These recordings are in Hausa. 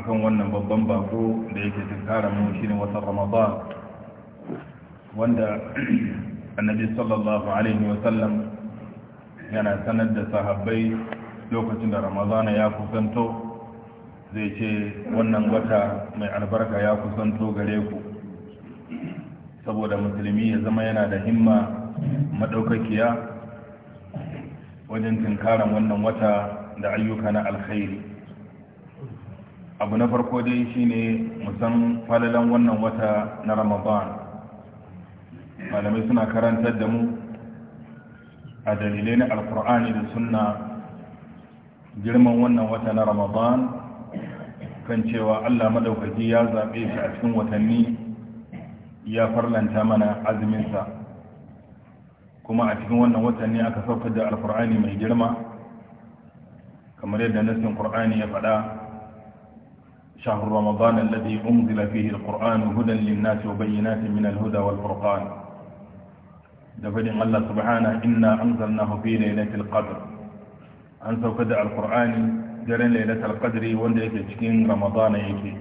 akan wannan babban bako da yake tunkara mu shine watan ramadan wanda annabi sallallahu alaihi wasallam yana sanar da sahabbai lokacin da ramadana ya kusanto zai ce wannan wata mai albarka ya kusanto gare ku saboda musulmi ya zama yana da himma maɗaukakiya wajen tunkaran wannan wata da ayyuka na alkhairi abu na farko dai shine musan falalan wannan wata na ramadan malamai suna karantar da mu a dalilai na alkur'ani da sunna girman wannan wata na ramadan kan cewa allah madaukaki ya zaɓe shi a cikin watanni ya farlanta mana azuminsa kuma a cikin wannan watanni aka saukar da alkur'ani mai girma kamar yadda nassin qur'ani ya faɗa شهر رمضان الذي أنزل فيه القرآن هدى للناس وبينات من الهدى والفرقان دفدن الله سبحانه إنا أنزلناه في ليلة القدر أن سوكدع القرآن جرين ليلة القدر وندك تشكين رمضان يكي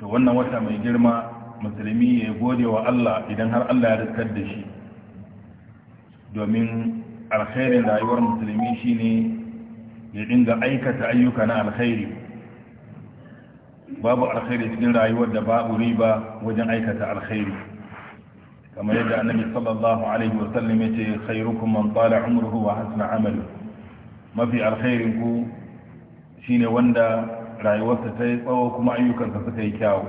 wannan wata mai girma musulmi ya gode wa Allah idan har Allah ya riskar da shi domin alkhairin rayuwar musulmi shine ya dinga aikata ayyuka na alkhairi babu alkhairi cikin rayuwar da babu riba wajen aikata alkhairi kamar yadda annabi sallallahu alaihi wa sallam yace khairukum man tala umruhu wa hasana amalu mafi alkhairi ku shine wanda rayuwarsa ta yi tsawo kuma ayyukansa suka yi kyawu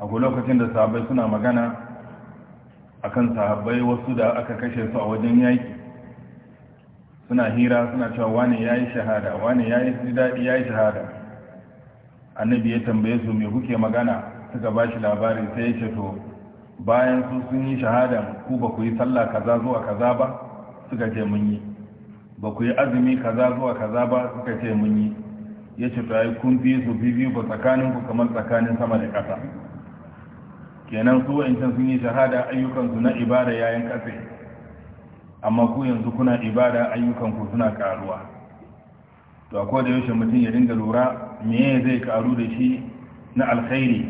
a lokacin da sahabbai suna magana akan sahabbai wasu da aka kashe su a wajen yaki suna hira suna cewa wane ya yi shahada wane ya yi daɗi ya yi shahada annabi ya tambaye su mai kuke magana suka ba shi labari sai ya ce to bayan su sun yi shahada ku ba ku yi sallah kaza zuwa kaza ba suka ce mun yi ba ku yi azumi kaza zuwa kaza ba suka ce mun yi ya ce to ai kun fiye su fi biyu ba tsakaninku kamar tsakanin sama da ƙasa kenan su wa'incan sun yi shahada ayyukansu na ibada yayin ƙasa amma ku yanzu kuna ibada ayyukanku suna karuwa to a da yaushe mutum ya dinga lura me zai karu da shi na alkhairi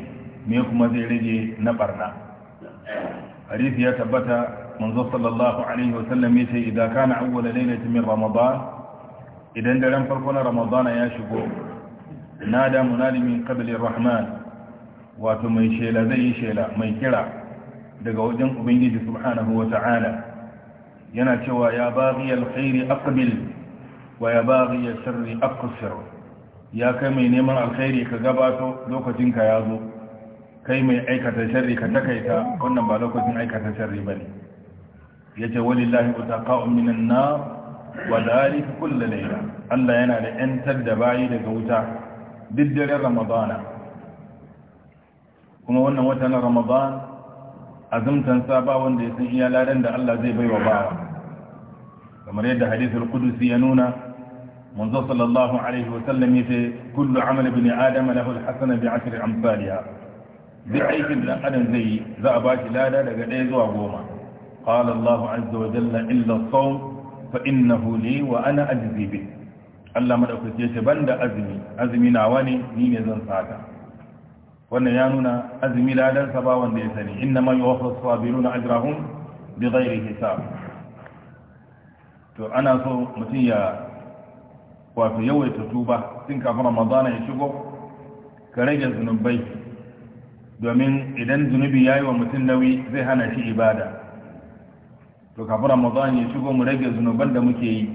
me kuma zai rage na barna hadisi ya tabbata manzo sallallahu alaihi sallam ya ce idan kana awwal lailatin min ramadan idan daren farko na ramadan ya shigo nada munadi min qabli rahman wato mai shela zai yi shela mai kira daga wajen ubangiji subhanahu wa ta'ala yana cewa ya baghi alkhairi aqbil wa ya baghi sharri aqsir ya kai mai neman alkhairi ka gabato lokacin ka yazo kai mai aikata sharri ka takaita wannan ba lokacin aikata sharri bane yace walillahi utaqa'u minan nar wa dalik kullu layla Allah yana da yantar da bayi daga wuta duk daren Ramadana kuma wannan watan Ramadan azumtansa ba wanda ya san iya ladan da Allah zai baiwa bawa kamar yadda hadisul qudusi ya nuna manzo sallallahu alaihi wasallam yace kullu amal ibn adam lahu alhasana bi ashri amsalha duk aikin da adam zai yi za a ba shi lada daga ɗaya zuwa goma qala Allah azza wa jalla illa as-sawm fa innahu li wa ana ajzi bi Allah madaukake yace banda azumi azumi nawa ne ni ne zan saka wannan ya nuna azumi ladan ba wanda ya sani inna ma yuwaffas sabiruna ajrahum bighairi hisab to ana so mutum ya wato yawaita tuba tun kafin ramadana ya shigo ka rage zunubai domin idan zunubi ya yi wa mutum nauyi zai hana shi ibada to kafin ramadan ya shigo mu rage zunuban da muke yi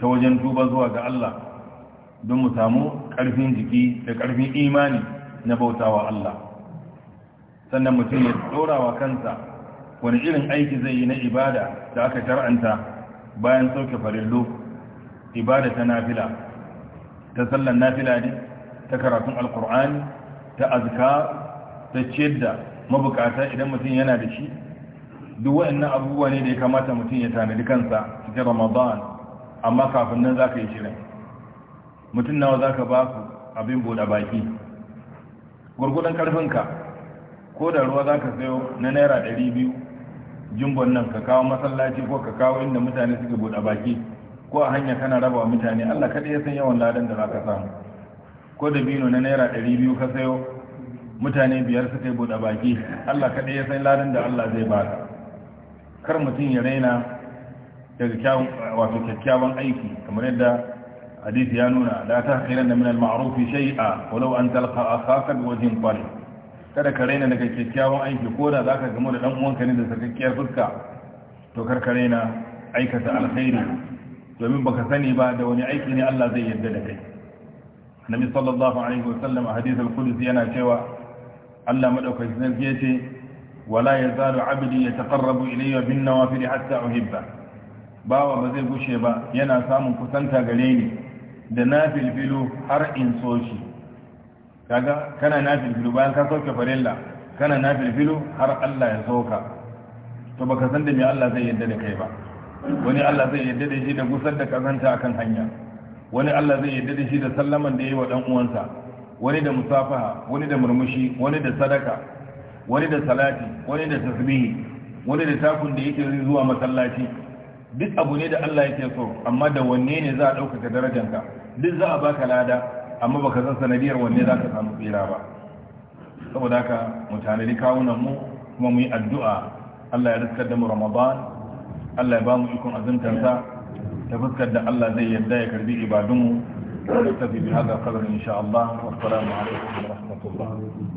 ta wajen tuba zuwa ga Allah don mu samu ƙarfin jiki da ƙarfin imani na bautawa Allah sannan mutum ya dora kansa wani irin aiki zai yi na ibada da aka tar'anta bayan sauke farillo ibada ta nafila ta sallan nafila ne ta karatun alkur'ani ta azka ta ciyar da mabukata idan mutum yana da shi duk waɗannan abubuwa ne da ya kamata mutum ya tanadi kansa cikin ramadan amma kafin nan za ka yi shirin mutum nawa za ka ba ku abin buɗe baki karfin karfinka ko da ruwa za ka sayo na naira ɗari biyu jimbon nan ka kawo masallaci ko ka kawo inda mutane suke buɗe baki ko a hanya kana raba wa mutane allah kaɗai ya san yawan ladan da za ka samu ko da bino na naira ɗari biyu ka sayo mutane biyar suka yi buɗe baki allah kaɗai ya san ladan da allah zai ba kar mutum ya raina daga wato kyakkyawan aiki kamar yadda hadisi ya nuna la tahqiranna min al shai a walau an talqa akhaka biwajhin talib kada ka raina daga kyakkyawan aiki ko da zaka gamu da dan uwanka ne da sakakkiyar fuska to kar ka raina aikata alkhairi domin baka sani ba da wani aiki ne Allah zai yarda da kai Annabi sallallahu alaihi wasallam a hadith al yana cewa Allah madaukakin sarki yace wala yazalu 'abdi yataqarrabu ilayya bin nawafil hatta uhibba bawa ba zai gushe ba yana samun kusanta gare ni da nafilfilu har in so shi kaga kana nafilfilu bayan ka soke farilla kana nafilfilu har Allah ya soka to baka san da me Allah zai yadda da kai ba wani Allah zai yadda da shi da gusar da kazanta akan hanya wani Allah zai yadda da shi da sallaman da yayi wa dan uwansa wani da musafaha wani da murmushi wani da sadaka wani da salati wani da tasbihi wani da takun da yake zuwa masallaci duk abu ne da Allah yake so amma da wanne ne za a ɗaukaka darajanka duk za a baka lada amma baka san sanadiyar wanne za ka samu tsira ba saboda haka mu tanadi kawunan mu kuma mu yi addu'a Allah ya riskar da mu Ramadan Allah ya ba mu ikon azumtar sa ta fuskar da Allah zai yarda ya karbi ibadun mu wa tafi bi hada qadar insha Allah wa assalamu alaikum wa rahmatullah